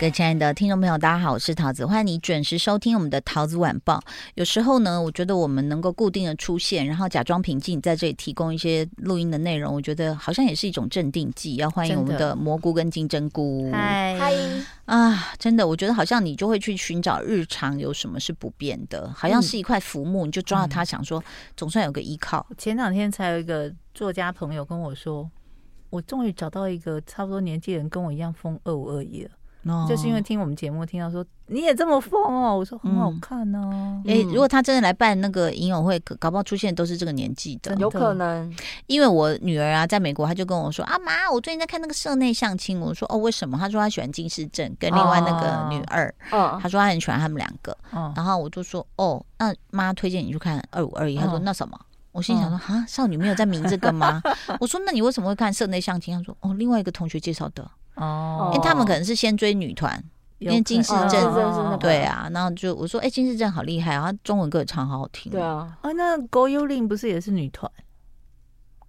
各位親愛的聽眾朋友，大家好，我是陶子，歡迎你準時收聽我們的陶子晚報。有時候呢，我覺得我們能夠固定的出現，然後假裝平靜，在這裡提供一些錄音的內容，我覺得好像也是一種鎮定劑。要歡迎我們的蘑菇跟金針菇，嗨，歡迎啊！真的，我覺得好像你就會去尋找日常有什麼是不變的，好像是一塊浮木，嗯、你就抓到它，嗯、想說總算有個依靠。前兩天才有一個作家朋友跟我說，我終於找到一個差不多年紀人跟我一樣瘋二五二一了。Oh、就是因為聽我們節目，聽到說你也這麼瘋哦，我說很好看呢。哎，如果他真的來辦那個影友會，搞不好出現都是這個年紀的，有可能。因為我女兒啊，在美國，她就跟我說：“阿媽，我最近在看那個社內相親。”我說：“哦，為什麼？”她說：“她喜歡金世正跟另外那個女二。”她說：“她很喜歡他們兩個。”然後我就說：“哦，那媽推薦你去看《二五二一》。”她說：“那什麼？”我心裡想說：“哈，少女沒有在迷這個嗎？”我說：“那你為什麼會看社內相親？”她說：“哦，另外一個同學介紹的。”哦，因為他們可能是先追女團，因為金世正，對啊，然後就我說，哎，金世正好厲害啊，中文歌也唱好好聽。對啊，啊，那高幽靈不是也是女團？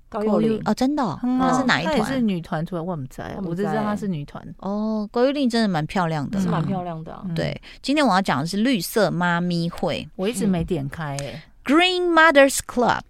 高幽靈哦，真的，她是哪一團？她是女團，出了我們之知道她是女團。哦，高幽靈真的蠻漂亮的，是蠻漂亮的。對，今天我要講的是綠色媽咪會，我一直沒點開 Green Mothers Club。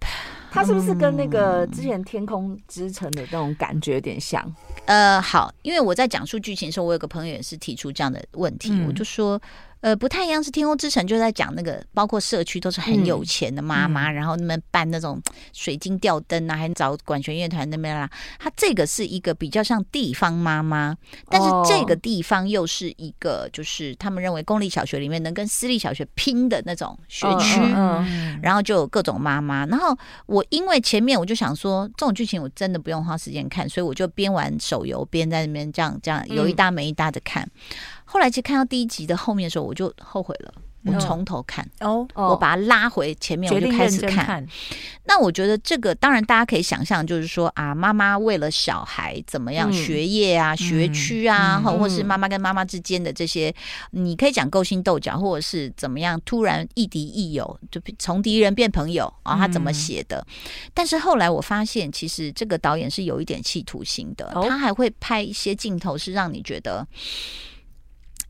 它是不是跟那個之前《天空之城》的那種感覺有點像？嗯、呃，好，因為我在講述劇情的時候，我有個朋友也是提出這樣的問題，嗯、我就說。呃，不太一樣，是天空之城就在講那個，包括社區都是很有錢的媽媽，嗯嗯、然後那邊辦那種水晶吊燈啊，還找管弦樂團那邊啦。它這個是一個比較像地方媽媽，但是這個地方又是一個，就是他們認為公立小學裡面能跟私立小學拼的那種學區，嗯嗯嗯、然後就有各種媽媽。然後我因為前面我就想說，這種劇情我真的不用花時間看，所以我就邊玩手遊邊在那邊這樣這樣有一搭沒一搭的看。嗯後來其實看到第一集的後面的時候，我就後悔了。我從頭看，no. oh. Oh. 我把它拉回前面，我就開始看。那我覺得這個，當然大家可以想象，就是說啊，媽媽為了小孩怎麼樣學業啊、嗯、學區啊，嗯、或是媽媽跟媽媽之間的這些，嗯嗯、你可以講勾心鬥角，或者是怎麼樣，突然亦敵亦友，就從敵人變朋友啊，他怎麼寫的？嗯、但是後來我發現，其實這個導演是有一點企圖心的，oh. 他還會拍一些鏡頭，是讓你覺得。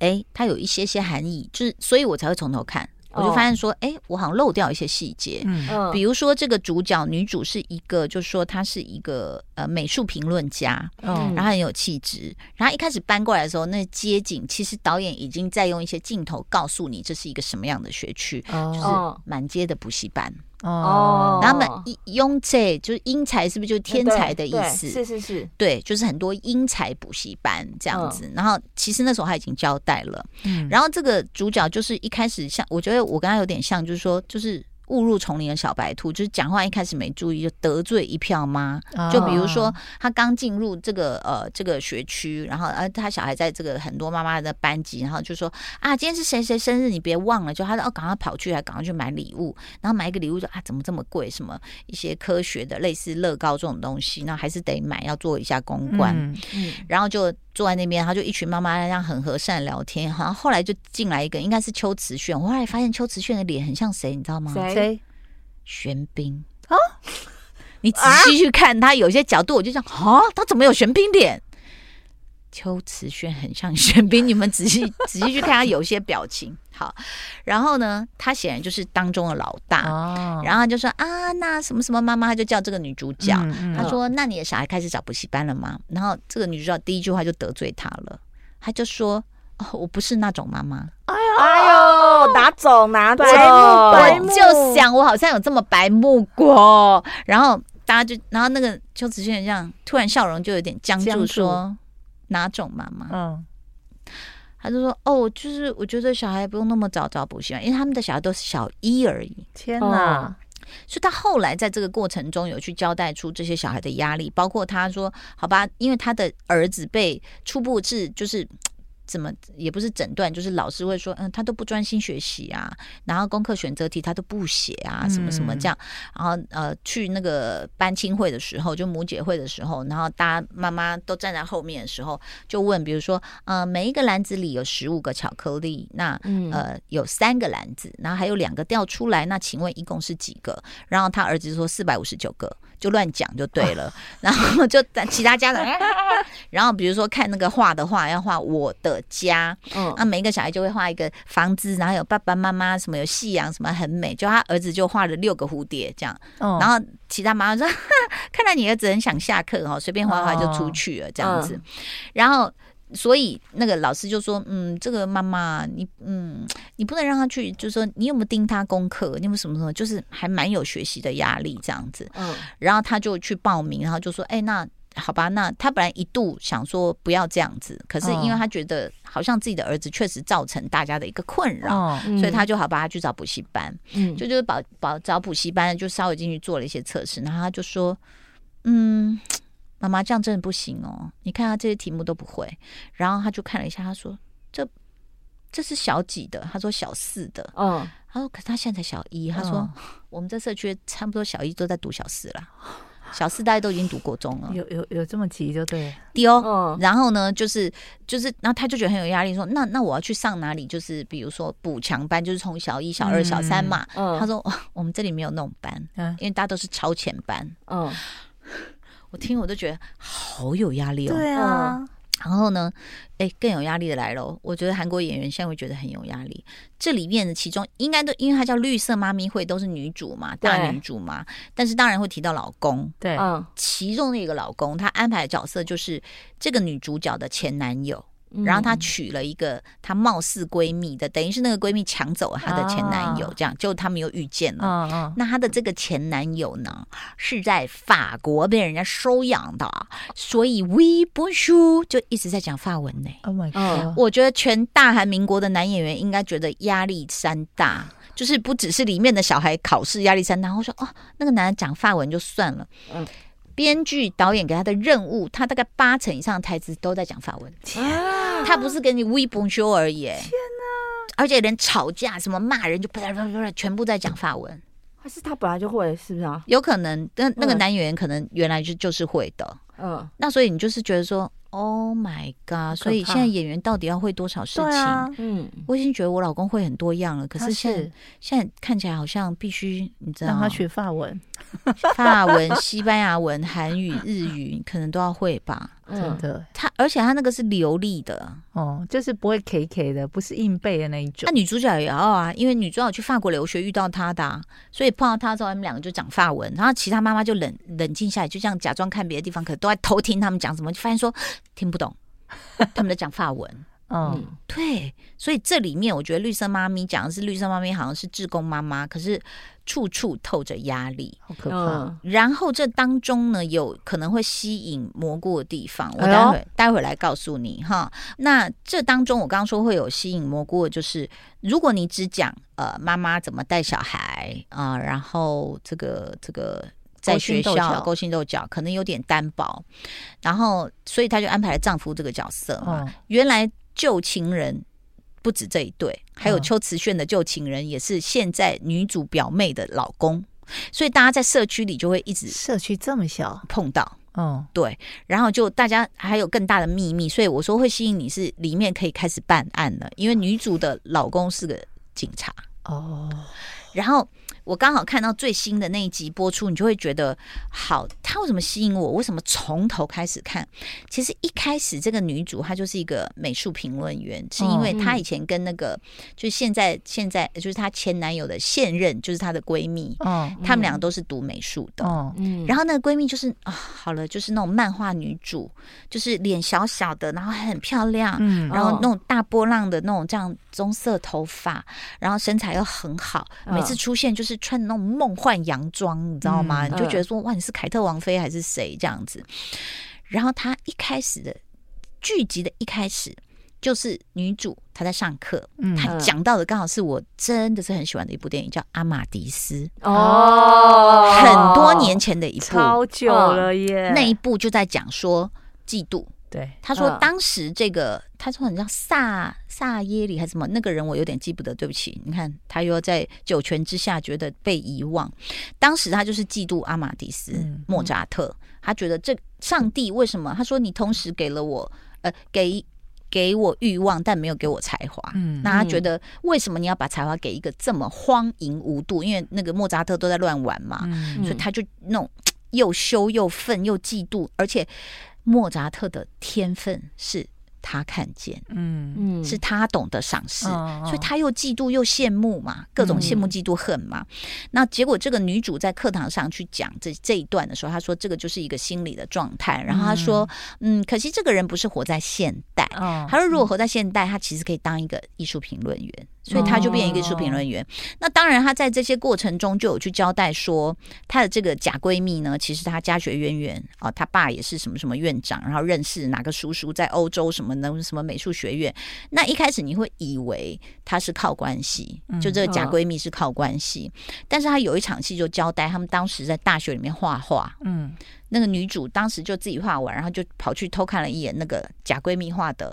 哎，它有一些些含義，就是所以我才會從頭看，oh. 我就發現說，哎，我好像漏掉一些細節。嗯，比如說這個主角女主是一個，就是說她是一個呃美術評論家，oh. 然後很有氣質。然後一開始搬過來的時候，那街景其實導演已經在用一些鏡頭告訴你這是一個什麼樣的學區，oh. 就是滿街的補習班。哦，然後他們庸才就是英才，是不是就天才的意思？是是是，對，就是很多英才補習班這樣子。哦、然後其實那時候他已經交代了，嗯、然後這個主角就是一開始像我覺得我跟他有點像，就是說就是。誤入叢林的小白兔，就是講話一開始沒注意就得罪一票媽。就比如說，他剛進入這個呃這個學區，然後他小孩在這個很多媽媽的班級，然後就說啊，今天是誰誰生日，你別忘了。就他說哦，趕快跑去，還趕快去買禮物，然後買一個禮物就啊，怎麼這麼貴？什麼一些科學的，類似樂高這種東西，那還是得買，要做一下公關。嗯嗯，然後就。坐在那邊，他就一群媽媽那樣很和善聊天。好，後來就進來一個，應該是秋瓷炫。我後來發現秋瓷炫的臉很像誰，你知道嗎？誰誰？玄彬啊！你仔細去看他，有些角度我就想，啊，他怎麼有玄彬臉？秋瓷炫很像玄彬，你們仔細 仔細去看他有些表情。好，然後呢，他顯然就是當中的老大。哦、然後他就說啊，那什麼什麼媽媽，他就叫這個女主角。他、嗯嗯、說：“嗯、那你的小孩開始找補習班了嗎？”然後這個女主角第一句話就得罪他了，他就說、哦：“我不是那種媽媽。”哎呦哎呦，拿、哦、走！白目、白目、我就想我好像有這麼白目過？然後大家就，然後那個秋瓷炫這樣突然笑容就有點僵住，說。哪種媽媽？嗯，他就說哦，就是我覺得小孩不用那麼早早補習嘛，因為他們的小孩都是小一而已。天哪！哦、所以他後來在這個過程中有去交代出這些小孩的壓力，包括他說：“好吧，因為他的兒子被初步是就是。”怎麼也不是診斷，就是老師會說，嗯，他都不專心學習啊，然後功課選擇題他都不寫啊，什麼什麼這樣。嗯、然後呃，去那個班親會的時候，就母姐會的時候，然後大家媽媽都站在後面的時候，就問，比如說，呃，每一個籃子裡有十五個巧克力，那呃、嗯、有三個籃子，然後還有兩個掉出來，那請問一共是幾個？然後他兒子說四百五十九個。就亂講就對了，哦、然後就其他家長， 然後比如說看那個畫的畫要畫我的家，嗯，那、啊、每一個小孩就會畫一個房子，然後有爸爸媽媽，什麼有夕陽，什麼很美。就他兒子就畫了六個蝴蝶這樣，哦、然後其他媽媽說，哈哈看來你兒子很想下課哦，隨便畫畫就出去了這樣子，哦、然後。所以那個老師就說：“嗯，這個媽媽，你嗯，你不能讓他去，就是說你有沒有盯他功課，你有沒有什麼什麼，就是還蠻有學習的壓力這樣子。”嗯，然後他就去報名，然後就說：“哎、欸，那好吧，那他本來一度想說不要這樣子，可是因為他覺得好像自己的兒子確實造成大家的一個困擾，嗯、所以他就好吧，他去找補習班，嗯、就就是保保找補習班，就稍微進去做了一些測試，然後他就說：嗯。”媽媽，媽媽這樣真的不行哦！你看他這些題目都不會，然後他就看了一下，他說：“這這是小幾的？”他說：“小四的。”嗯，他說：“可是他現在才小一。”他說：“我們這社區差不多小一都在讀小四了，小四大家都已經讀國中了。”有有有這麼急就對了。對哦。哦、然後呢，就是就是，那他就覺得很有壓力，說：“那那我要去上哪裡？就是比如說補強班，就是從小一小二小三嘛。”嗯哦、他說：“我們這裡沒有那種班，因為大家都是超前班。”嗯。哦我聽我都覺得好有壓力哦。對啊，然後呢，哎、欸，更有壓力的來咯。我覺得韓國演員現在會覺得很有壓力。這裡面的其中應該都，因為她叫綠色媽咪會，都是女主嘛，大女主嘛。對。但是當然會提到老公，對，其中那個老公，他安排的角色就是這個女主角的前男友。然後她娶了一個她貌似閨蜜的，等於是那個閨蜜搶走了她的前男友，這樣就、啊、他們又遇見了。嗯嗯、那她的這個前男友呢，是在法國被人家收養的、啊，所以 We Bush 就一直在講法文呢、欸。Oh、my God！、嗯、我覺得全大韓民國的男演員應該覺得壓力山大，就是不只是裡面的小孩考試壓力山大，然後說哦，那個男的講法文就算了。嗯。編劇導演給他的任務，他大概八成以上的台詞都在講法文，天啊，他不是給你微崩修而已，天吶、啊，而且連吵架、什麼罵人，就全部在講法文，還是他本來就會，是不是啊？有可能，那那個男演員可能原來就就是會的。嗯，那所以你就是覺得說，Oh my god！所以現在演員到底要會多少事情？啊、嗯，我已經覺得我老公會很多樣了。可是現在是現在看起來好像必須，你知道讓他學法文、 法文、西班牙文、韓語、日語，可能都要會吧。真的，他而且他那個是流利的哦、嗯，就是不會 K K 的，不是硬背的那一種。那女主角也要啊，因為女主角去法國留學遇到他的、啊，所以碰到他之後，他們兩個就講法文，然後其他媽媽就冷冷靜下來，就這樣假裝看別的地方，可都。偷聽他們講什麼，就發現說聽不懂，他們在講法文。 嗯，嗯，對，所以這裡面我覺得綠色媽咪講的是綠色媽咪，好像是志工媽媽，可是處處透着壓力，好可怕、哦呃。然後這當中呢，有可能會吸引蘑菇的地方，我待會呦待會來告訴你哈。那這當中我剛剛說會有吸引蘑菇的，就是如果你只講呃媽媽怎麼帶小孩啊、呃，然後這個這個。在學校勾心鬥角,角，可能有點單薄，然後所以他就安排了丈夫這個角色嘛。哦、原來舊情人不止這一對，哦、還有秋瓷炫的舊情人也是現在女主表妹的老公，所以大家在社區裡就會一直社區這麼小碰到，嗯、哦，對。然後就大家還有更大的秘密，所以我說會吸引你，是裡面可以開始辦案了，因為女主的老公是個警察哦。然後我剛好看到最新的那一集播出，你就會覺得好，他為什麼吸引我？為什麼從頭開始看？其實一開始這個女主她就是一個美術評論員，是因為她以前跟那個、哦嗯、就是現在現在就是她前男友的現任就是她的閨蜜，哦。嗯、她們兩個都是讀美術的，哦。嗯、然後那個閨蜜就是啊、哦，好了，就是那種漫畫女主，就是臉小小的，然後很漂亮，嗯、然後那種大波浪的那種這樣棕色頭髮，然後身材又很好。哦，美每次出現就是穿那種夢幻洋裝，你知道嗎？嗯、你就覺得說哇，你是凱特王妃還是誰這樣子？然後他一開始的劇集的一開始就是女主她在上課，她講、嗯、到的剛好是我真的是很喜歡的一部電影，叫《阿瑪迪斯》哦，很多年前的一部，超久了耶、哦。那一部就在講說嫉妒。對，他說當時這個，uh, 他說很像薩薩耶里還是什麼那個人，我有點記不得。對不起，你看他又在九泉之下覺得被遺忘。當時他就是嫉妒阿瑪迪斯、嗯、莫扎特，他覺得這上帝為什麼？嗯、他說你同時給了我，呃，給給我欲望，但沒有給我才華。嗯，那他覺得為什麼你要把才華給一個這麼荒淫無度？因為那個莫扎特都在亂玩嘛，嗯、所以他就那種又羞又憤又嫉妒，而且。莫扎特的天分是。他看見，嗯嗯，嗯是他懂得賞識，哦、所以他又嫉妒又羨慕嘛，各種羨慕嫉妒恨嘛。嗯、那結果這個女主在課堂上去講這這一段的時候，她說這個就是一個心理的狀態。然後她說，嗯，嗯，可惜這個人不是活在現代。哦、她說如果活在現代，她其實可以當一個藝術評論員，所以她就變一個藝術評論員。哦、那當然她在這些過程中就有去交代說，她的這個假閨蜜呢，其實她家學淵源哦，她爸也是什麼什麼院長，然後認識哪個叔叔在歐洲什麼。能什,什麼美術學院？那一開始你會以為她是靠關係，嗯、就這個假閨蜜是靠關係。嗯、但是她有一場戲就交代，她們當時在大學裡面畫畫，嗯，那個女主當時就自己畫完，然後就跑去偷看了一眼那個假閨蜜畫的，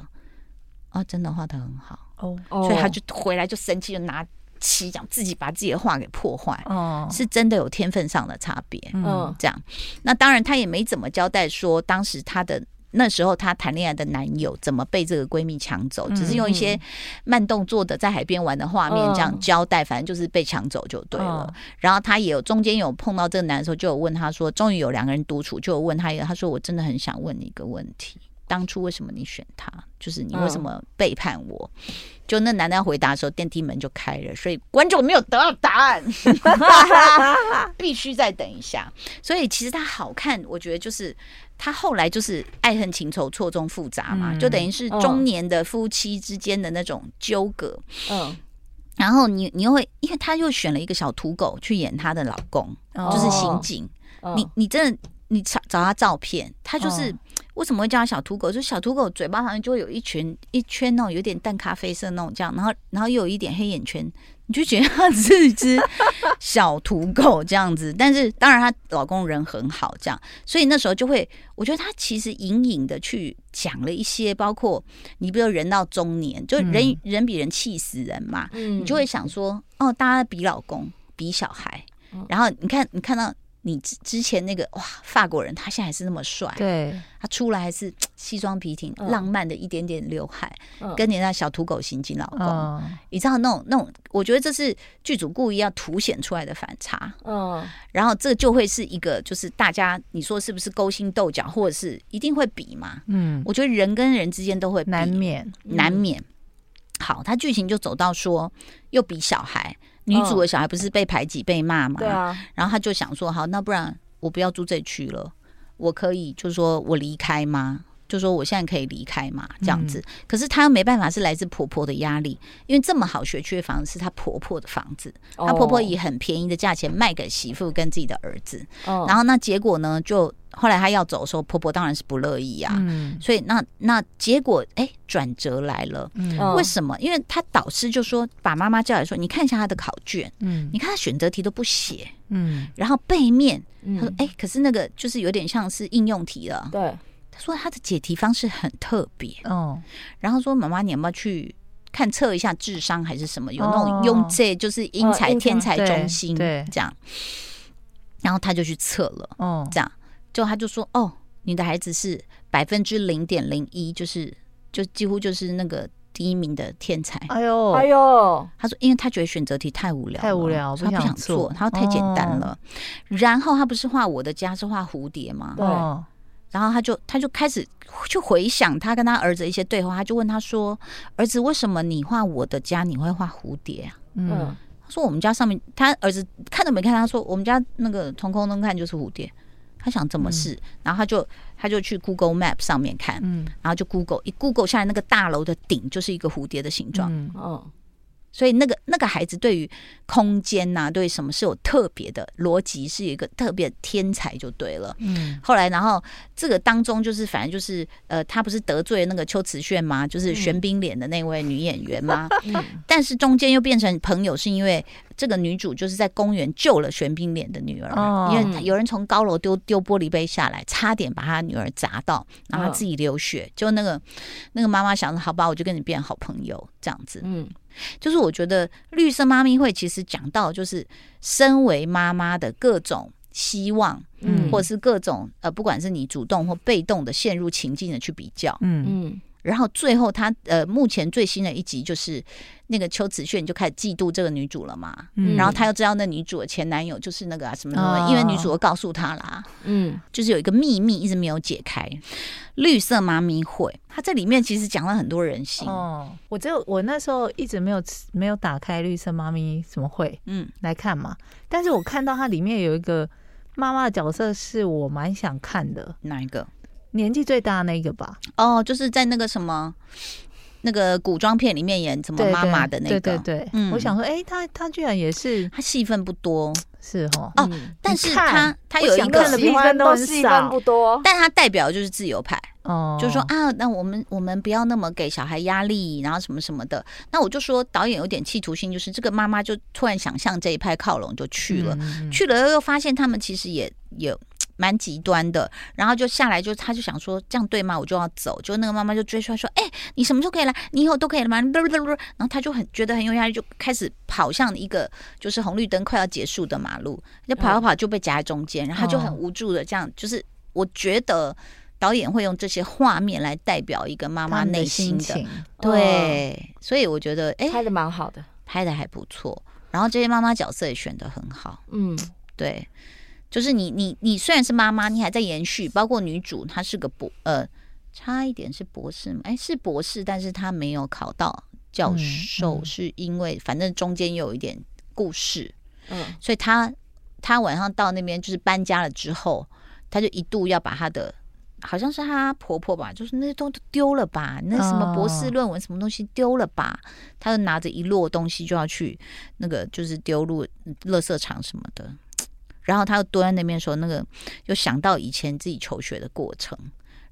啊、哦，真的畫得很好哦，哦，所以她就回來就生氣，就拿漆槳自己把自己的畫給破壞。哦，是真的有天分上的差別，嗯，這樣。那當然她也沒怎麼交代說當時她的。那時候她談戀愛的男友怎麼被這個閨蜜搶走？只是用一些慢動作的在海邊玩的畫面這樣交代，反正就是被搶走就對了。然後她也有中間有碰到這個男生，就有問他說：“終於有兩個人獨處。”就有問他一個，他說：“我真的很想問你一個問題。”當初為什麼你選他？就是你為什麼背叛我？Oh. 就那男的要回答的時候，電梯門就開了，所以觀眾沒有得到答案， 必須再等一下。所以其實他好看，我覺得就是他後來就是愛恨情仇錯綜複雜嘛，嗯、就等於是中年的夫妻之間的那種糾葛。嗯，oh. 然後你你又會，因為他又選了一個小土狗去演他的老公，oh. 就是刑警。Oh. 你你真的你找找他照片，他就是。Oh. 為什麼會叫他小土狗？就是小土狗嘴巴上就會有一群一圈那種有點淡咖啡色那種醬，然後然後又有一點黑眼圈，你就覺得他是一隻小土狗這樣子。 但是當然他老公人很好，這樣，所以那時候就會，我覺得他其實隱隱的去講了一些，包括你比如說人到中年，就人、嗯、人比人氣死人嘛，嗯、你就會想說，哦，大家比老公，比小孩，然後你看你看到。你之之前那個哇，法國人他現在還是那麼帥，對，他出來還是西裝筆挺，哦、浪漫的一點點劉海，哦、跟你那小土狗刑警老公，你知道那種那種，我覺得這是劇組故意要凸顯出來的反差，嗯、哦，然後這就會是一個就是大家你說是不是勾心鬥角，或者是一定會比嘛？嗯，我覺得人跟人之間都會比，難免難免。難免嗯、好，他劇情就走到說又比小孩。女主的小孩不是被排擠、被罵嘛？Oh, 然後她就想說：好，那不然我不要住這區了，我可以就是說我離開嗎？就說我現在可以離開嘛，這樣子。嗯、可是她沒辦法，是來自婆婆的壓力，因為這麼好學區的房子，是她婆婆的房子，她婆婆以很便宜的價錢賣給媳婦跟自己的兒子。Oh. 然後那結果呢就。後來她要走的時候，婆婆當然是不樂意啊。所以那那結果哎，轉折來了。為什麼？因為她導師就說，把媽媽叫來說，你看一下她的考卷。嗯，你看她選擇題都不寫。嗯，然後背面，他說哎，可是那個就是有點像是應用題了。對，他說他的解題方式很特別。哦，然後說媽媽，你要不要去看測一下智商還是什麼？有那種英才就是英才天才中心，對，這樣。然後他就去測了。哦，這樣。就他就說哦，你的孩子是百分之零點零一，就是就幾乎就是那個第一名的天才。哎呦哎呦，他說，因為他覺得選擇題太無聊，太無聊，不所以他不想做，哦、他說太簡單了。然後他不是畫我的家是畫蝴蝶嗎？哦、對。然後他就他就開始去回想他跟他兒子一些對話，他就問他說：“兒子，為什麼你畫我的家你會畫蝴蝶啊？”嗯，嗯他說：“我們家上面，他兒子看都沒看，他說我們家那個從空中看就是蝴蝶。”他想怎麼試，嗯、然後他就他就去 Google Map 上面看，嗯、然後就 Google 一 Google 下來那個大樓的頂就是一個蝴蝶的形狀，嗯、哦。所以那個那個孩子對於空間吶、啊，對什麼是有特別的邏輯，是一個特別的天才就對了。嗯，後來然後這個當中就是反正就是呃，他不是得罪那個秋瓷炫嗎？就是玄冰臉的那位女演員嗎？嗯嗯、但是中間又變成朋友，是因為這個女主就是在公園救了玄冰臉的女兒，哦、因為有人從高樓丟丟玻璃杯下來，差點把她女兒砸到，然後自己流血。哦、就那個那個媽媽想着，好吧，我就跟你變好朋友這樣子。嗯。就是我覺得綠色媽咪會其實講到，就是身為媽媽的各種希望，嗯，或者是各種呃，不管是你主動或被動的陷入情境的去比較，嗯嗯。嗯然後最後他，他呃，目前最新的一集就是那個秋瓷炫就開始嫉妒這個女主了嘛。嗯。然後他又知道那女主的前男友就是那個、啊、什麼什麼，哦、因為女主告訴他啦。嗯。就是有一個秘密一直沒有解開，綠色媽咪會，它這裡面其實講了很多人性。哦。我只有我那時候一直沒有沒有打開綠色媽咪什麼會，嗯，來看嘛。但是我看到它裡面有一個媽媽的角色，是我蠻想看的。哪一個？年紀最大那個吧，哦，就是在那個什麼，那個古裝片裡面演什麼媽媽的那個，對，對，對，對，對，嗯，我想說，哎、欸，他他居然也是，他戲份不多，是哦。哦，你看，但是他他有一個戲份都戲份不多，但他代表就是自由派，哦，就是說啊，那我們我們不要那麼給小孩壓力，然後什麼什麼的，那我就說導演有點企圖性，就是這個媽媽就突然想向這一派靠攏就去了，嗯嗯去了又又發現他們其實也也。蠻極端的，然後就下來就，就他就想說這樣對嗎？我就要走，就那個媽媽就追出來說：“哎、欸，你什麼時候可以來？你以後都可以了嗎？”然後他就很覺得很有壓力，就開始跑向一個就是紅綠燈快要結束的馬路，就跑跑,跑就被夾在中間，哦、然後他就很無助的這樣。就是我覺得導演會用這些畫面來代表一個媽媽內心的,的心情對，哦、所以我覺得哎，欸、拍得蠻好的，拍得還不錯。然後這些媽媽角色也選得很好，嗯，對。就是你，你，你雖然是媽媽，你還在延續。包括女主，她是個博，呃，差一點是博士嘛，哎、欸，是博士，但是她沒有考到教授，嗯嗯、是因為反正中間有一點故事。嗯，所以她，她晚上到那邊就是搬家了之後，她就一度要把她的，好像是她婆婆吧，就是那些東西丟了吧，那什麼博士論文什麼東西丟了吧，哦、她就拿着一摞東西就要去那個就是丟入垃圾場什麼的。然後他又蹲在那邊說：“那個又想到以前自己求學的過程，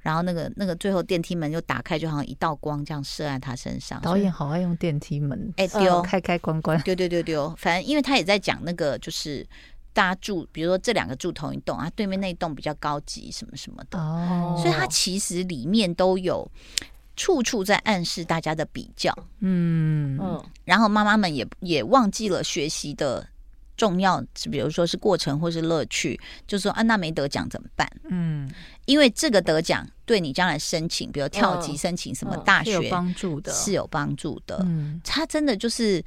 然後那個那個最後電梯門又打開，就好像一道光這樣射在他身上。導演好愛用電梯門，哎、欸，丟、哦、開開關關，丟丟丟丟。反正因為他也在講那個，就是大家住，比如說這兩個住同一棟啊，對面那一棟比較高級，什麼什麼的。哦，所以他其實裡面都有處處在暗示大家的比較。嗯嗯。哦、然後媽媽們也也忘記了學習的。”重要，比如說是過程或是樂趣，就是說啊，那沒得獎怎麼辦？嗯，因為這個得獎對你將來申請，比如跳級申請什麼大學，是有幫助的，是有幫助的。助的，嗯，他真的就是。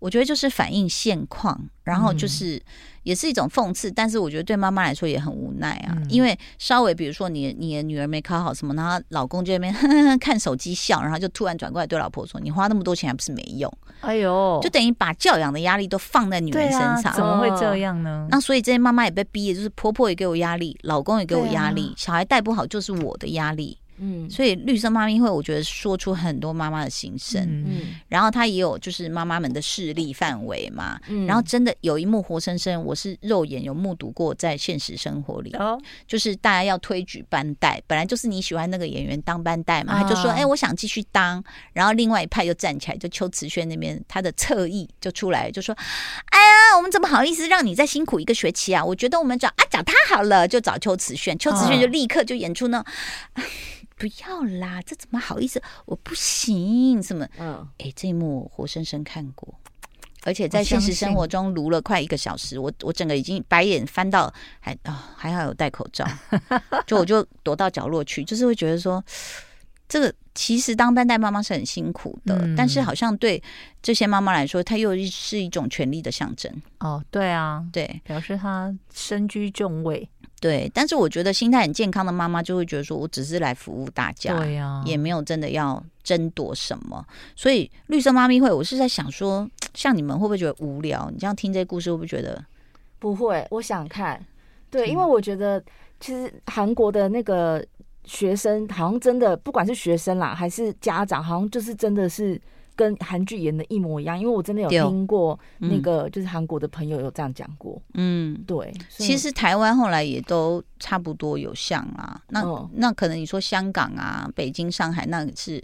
我覺得就是反映現況，然後就是也是一種諷刺，嗯、但是我覺得對媽媽來說也很無奈啊。嗯、因為稍微比如說你你的女兒沒考好什麼，然後老公就在那邊呵呵呵看手機笑，然後就突然轉過來對老婆說：“你花那麼多錢還不是沒用？”哎呦，就等於把教養的壓力都放在女人身上，啊、怎麼會這樣呢？那所以這些媽媽也被逼的就是婆婆也給我壓力，老公也給我壓力，對啊、小孩帶不好就是我的壓力。嗯，所以綠色媽咪會，我覺得說出很多媽媽的心聲、嗯。嗯，然後她也有就是媽媽們的勢力範圍嘛。嗯，然後真的有一幕活生生，我是肉眼有目睹過在現實生活裡，哦。就是大家要推舉班代，本來就是你喜歡那個演員當班代嘛，他就說：“哎、哦欸，我想繼續當。”然後另外一派就站起來，就秋瓷炫那邊他的側翼就出來就說：“哎呀，我們怎麼好意思讓你再辛苦一個學期啊？我覺得我們找啊找他好了，就找秋瓷炫。秋瓷炫就立刻就演出呢。”哦 不要啦，這怎麼好意思？我不行，什麼？嗯、哦，哎、欸，這一幕我活生生看過，而且在現實生活中盧了快一個小時，我我，我整個已經白眼翻到還，還哦，還好有戴口罩， 就我就躲到角落去，就是會覺得說，這個其實當班帶媽媽是很辛苦的，嗯、但是好像對這些媽媽來說，她又是一種權力的象徵。哦，對啊，對，表示她身居重位。對，但是我覺得心態很健康的媽媽就會覺得說，我只是來服務大家，對呀、啊，也沒有真的要爭奪什麼。所以綠色媽咪會，我是在想說，像你們會不會覺得無聊？你這樣聽這些故事，會不會覺得？不會，我想看。對，是嗎？因為我覺得其實韓國的那個學生好像真的，不管是學生啦還是家長，好像就是真的是。跟韓劇演的一模一樣，因為我真的有聽過那個就是韓國的朋友有這樣講過。嗯，對，其實台灣後來也都差不多有像啊，那、哦、那可能你說香港啊、北京、上海，那是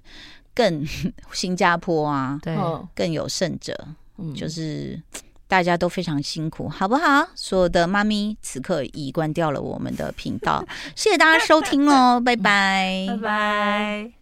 更新加坡啊，對，更有甚者。嗯、就是大家都非常辛苦，好不好？所有的媽咪此刻已關掉了我們的頻道， 謝謝大家收聽嘍， 拜拜，拜拜。